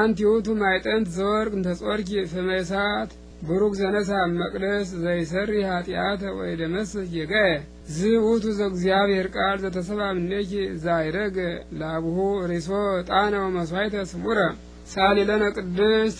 አንቲ ውእቱ ማይጠንት ዘወርቅ እንተ ጾርኪ ፍመ እሳት ብሩክ ዘነሳ መቅደስ ዘይሰሪ ኃጢአተ ወይ ደመስስ ጌጋየ ዝውቱ ዘእግዚአብሔር ቃል ዘተሰባምኔኪ ዛይረግ ላብሁ ሪሶ ጣነ መስዋይተ ስሙረ ሳሊ ለነ ቅድስት